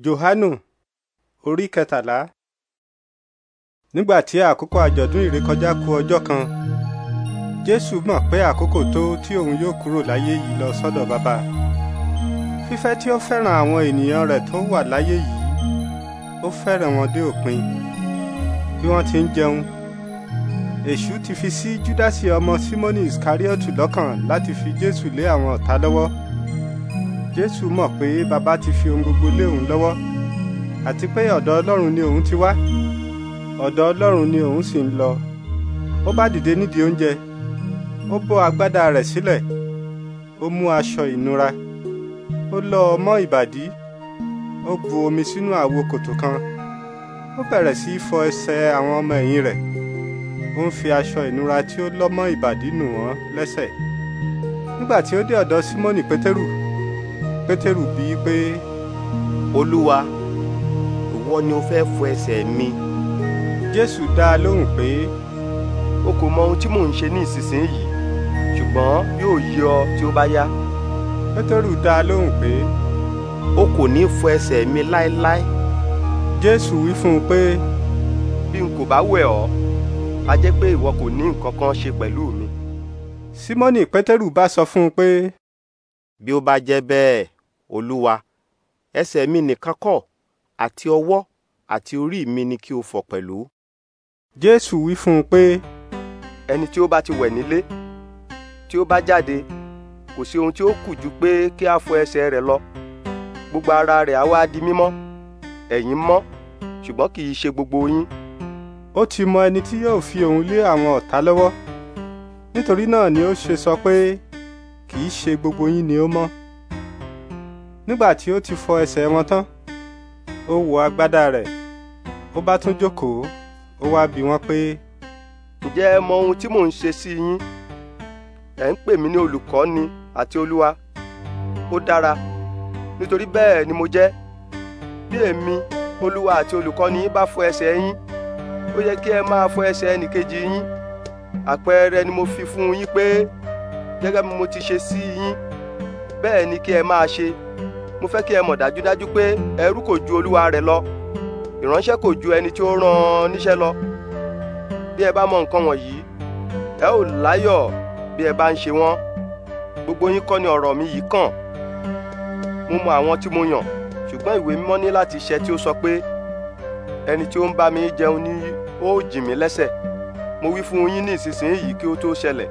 johanu orí kẹtàlá nígbà tí àkókò àjọ̀dún ìrékọjá kù ọjọ́ kan jésù mọ̀ pé àkókò tó tí òun yóò kúrò láyé yìí lọ sọ́dọ̀ bàbá fífẹ́ tí ó fẹ́ràn àwọn ènìyàn rẹ̀ tó wà láyé yìí ó fẹ́ràn wọn dé òpin bí wọ́n ti ń jẹun èṣù ti fi sí júdásì ọmọ símónì iskariotu lọ́kàn láti fi jésù lé àwọn ọ̀tá lọ́wọ́ jésù mọ̀ pé baba ti fi ohun gbogbo lé òun lọ́wọ́ àti pé ọ̀dọ̀ ọlọ́run ni òun ti wá ọ̀dọ̀ ọlọ́run ni òun sì ń lọ ó bá dìde nídìí oúnjẹ ó bó agbádá rẹ̀ sílẹ̀ ó mú aṣọ ìnura ó lọ ọmọ ìbàdí ó bu omi sínú àwo kòtò kan ó bẹ̀rẹ̀ sí í fọ ẹsẹ̀ àwọn ọmọ ẹ̀yìn rẹ̀ ó ń fi aṣọ ìnura tí ó lọ́ ìbàdí nù wọ́n lẹ́sẹ̀ nígbà tí ó dé ọ̀dọ̀ símónì pétérù pétérù bíi pé olúwa ìwọ ni o fẹ́ fọ ẹsẹ̀ mi jésù dá a lóhùn pé o kò mọ ohun tí mò ń ṣe ní ìsinsìnyí ṣùgbọ́n yóò yé ọ tí ó bá yá pétérù dá a lóhùn pé o kò ní fọ ẹsẹ̀ mi láéláé jésù wí fún un pé bí n kò bá wẹ̀ ọ́ a jẹ́ pé ìwọ kò ní nǹkan kan ṣe pẹ̀lú mi. símọ́nì pétérù bá sọ fún un pé. bí ó bá jẹ́ bẹ́ẹ̀ olúwa ẹsẹ̀ mi nìkan kọ́ àti ọwọ́ àti orí mi ni kí o fọ̀ pẹ̀lú. jésù wí fún un pé. ẹni tí ó bá ti wẹ̀ nílé tí ó bá jáde kò sí ohun tí ó kù ju pé kí a fọ ẹsẹ̀ rẹ̀ lọ gbogbo ara rẹ̀ á wá di mímọ́ ẹ̀yin mọ́ ṣùgbọ́n kì í ṣe gbogbo yín. ó ti mọ ẹni tí yóò fi òun lé àwọn ọ̀tá lọ́wọ́ nítorí náà ni ó ṣe sọ pé kì í ṣe gbogbo yín ni ó mọ́ nígbà tí ó ti fọ ẹsẹ̀ wọn tán ó wọ agbádá rẹ̀ ó bá tún jókòó ó wá bi wọ́n pé. ǹjẹ́ ẹ mọ ohun tí mò ń ṣe sí yín ẹ̀ ń pè mí ní olùkọ́ni àti olúwa ó dára nítorí bẹ́ẹ̀ ni mo jẹ́ bí èmi olúwa àti olùkọ́ni yín bá fọ ẹsẹ̀ yín ó yẹ kí ẹ máa fọ ẹsẹ̀ ẹnìkejì yín àpẹẹrẹ ni mo fi fún yín pé gẹ́gẹ́ bí mo ti ṣe sí yín bẹ́ẹ̀ ni kí ẹ máa ṣe mo fẹ́ kí ẹ mọ̀ dájúdájú pé ẹrú kò ju olúwa rẹ̀ lọ ìránṣẹ́ kò ju ẹni tí ó rán níṣẹ́ lọ bí ẹ bá mọ̀ nǹkan wọ̀nyí ẹ ò láyọ̀ bí ẹ bá ń ṣe wọ́n gbogbo yín kọ́ ni ọ̀rọ̀ mi yìí kàn mo mọ̀ àwọn tí mo yàn ṣùgbọ́n ìwé mímọ́ ní láti ṣẹ tí ó sọ pé ẹni tí ó ń bá mi jẹun ni ó jì mí lẹ́sẹ̀ mo wí fún yín ní ìsinsìnyí kí ó tó ṣẹlẹ̀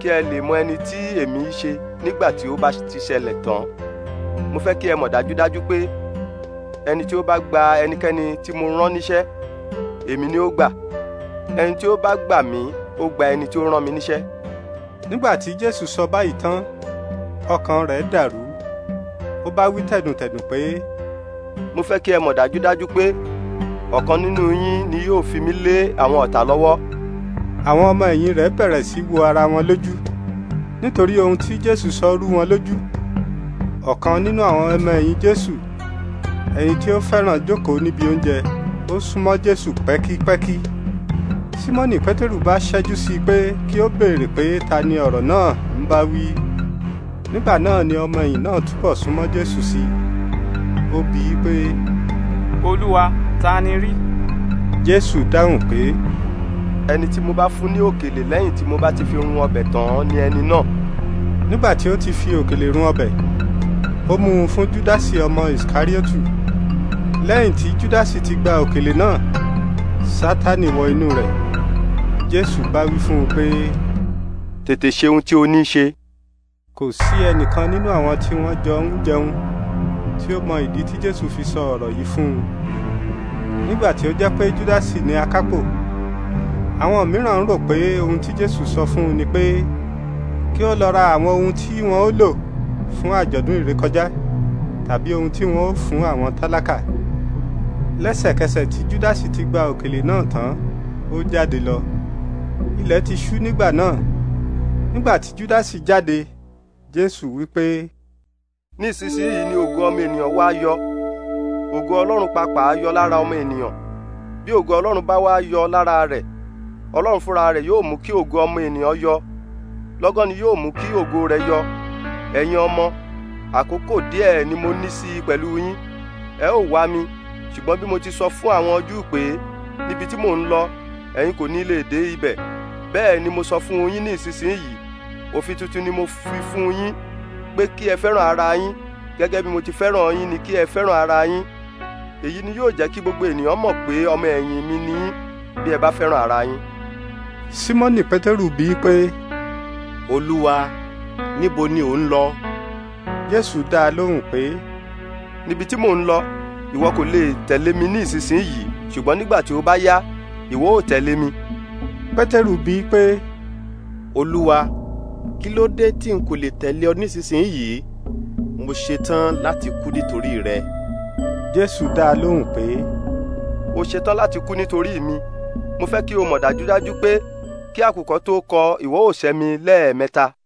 kí ẹ lè mọ ẹni tí èmi ṣe nígbà tí ó bá ti ṣẹlẹ̀ tán mo fẹ́ kí ẹ mọ̀ dájúdájú pé ẹni tí ó bá gba ẹnikẹ́ni tí mo rán níṣẹ́ èmi ni ó gbà ẹni tí ó bá gbà mí ó gba ẹni tí ó rán mi níṣẹ́. nígbà tí jésù sọ báyìí tán ọkàn rẹ̀ dàrú ó bá wí tẹ̀dùntẹ̀dùn pé. mo fẹ́ kí ẹ mọ̀ dájúdájú pé ọ̀kan nínú yín ni yóò fi mí lé àwọn ọ̀tá lọ́wọ́. àwọn ọmọ ẹ̀yìn rẹ̀ bẹ̀rẹ̀ sí wo ara wọn lójú nítorí ohun tí jésù sọ rú wọn lójú ọ̀kan nínú àwọn ọmọ ẹ̀yìn jésù ẹni tí ó fẹ́ràn jókòó níbi oúnjẹ ó súnmọ́ jésù pẹ́kípẹ́kí símọ́nì pétérù bá ṣẹ́jú sí i pé kí ó béèrè pé ta ni ọ̀rọ̀ náà ń bá wí nígbà náà ni ọmọ ẹ̀yìn náà túbọ̀ súnmọ́ jésù sí i ó bi í pé. olúwa ta ni rí. jésù dáhùn pé. ẹni tí mo bá fún ní òkèlè lẹ́yìn tí mo bá ti fi run ọbẹ̀ tán ni ẹni náà. nígbà tí ó ti fi òkèlè run ọbẹ̀ ó mú un fún júdásì ọmọ ìsíkáríòtù lẹ́yìn tí júdásì ti gba òkèlè náà sátánì wọ inú rẹ̀ jésù bá wí fún un pé. tètè ṣe ohun tí o ní í ṣe. kò sí ẹnìkan nínú àwọn tí wọ́n jọ ń jẹun tí ó mọ ìdí tí jésù fi sọ ọ̀rọ̀ yìí fún un nígbà tí ó jẹ́ pé júdásì ní akápò àwọn mìíràn ń rò pé ohun tí jésù sọ fún un ni pé kí ó lọ ra àwọn ohun tí wọn ó lò fún àjọ̀dún ìrékọjá tàbí ohun tí wọn ó fún àwọn tálákà lẹ́sẹ̀kẹsẹ̀ tí júdásì ti gba òkèlè náà tán ó jáde lọ ilẹ̀ ti ṣú nígbà náà nígbà tí júdásì jáde jésù wípé. nísinsìnyí ni ògo ọmọ ènìyàn wá yọ ògo ọlọ́run pàápàá yọ lára ọmọ ènìyàn bí ògo ọlọ́run bá wá yọ lára rẹ̀ ọlọ́run fúnra rẹ̀ yóò mú kí ògo ọmọ ènìyàn yọ lọ́gán ni yóò mú kí ògo rẹ̀ yọ ẹ̀yin ọmọ àkókò díẹ̀ ni mo ní sí i pẹ̀lú yín ẹ ó wá mi ṣùgbọ́n bí mo ti sọ fún àwọn Júù pé níbi tí mò ń lọ ẹ̀yin kò ní lè dé ibẹ̀ bẹ́ẹ̀ ni mo sọ fún yín ní ìsinsìnyí òfin tuntun ni mo fi fún yín pé kí ẹ fẹ́ràn ara yín gẹ́gẹ́ bí mo ti fẹ́ràn yín ni kí ẹ fẹ́ràn ara yín èyí ni yóò jẹ́ kí gbogbo ènìyàn mọ̀ pé ọmọ ẹ̀yìn mi ni bí ẹ bá fẹ́ràn ara yín. Símọ́nì Pétérù bíi pé olúwa níbo ni ò ń lọ jésù dá a lóhùn pé níbi tí mò ń lọ ìwọ kò lè tẹ̀lé mi ní ìsinsìnyí ṣùgbọ́n nígbà tí ó bá yá ìwọ ó tẹ̀lé mi. pétérù bíi pé olúwa kí ló dé tí n kò lè tẹ̀lé ọ nísinsìnyí mo ṣetán láti kú nítorí rẹ. jésù dá a lóhùn pé o ṣetán láti kú nítorí mi mo fẹ́ kí o mọ̀ dájúdájú pé kí àkùkọ tó kọ ìwọ ó mi lẹ́ẹ̀mẹ́ta.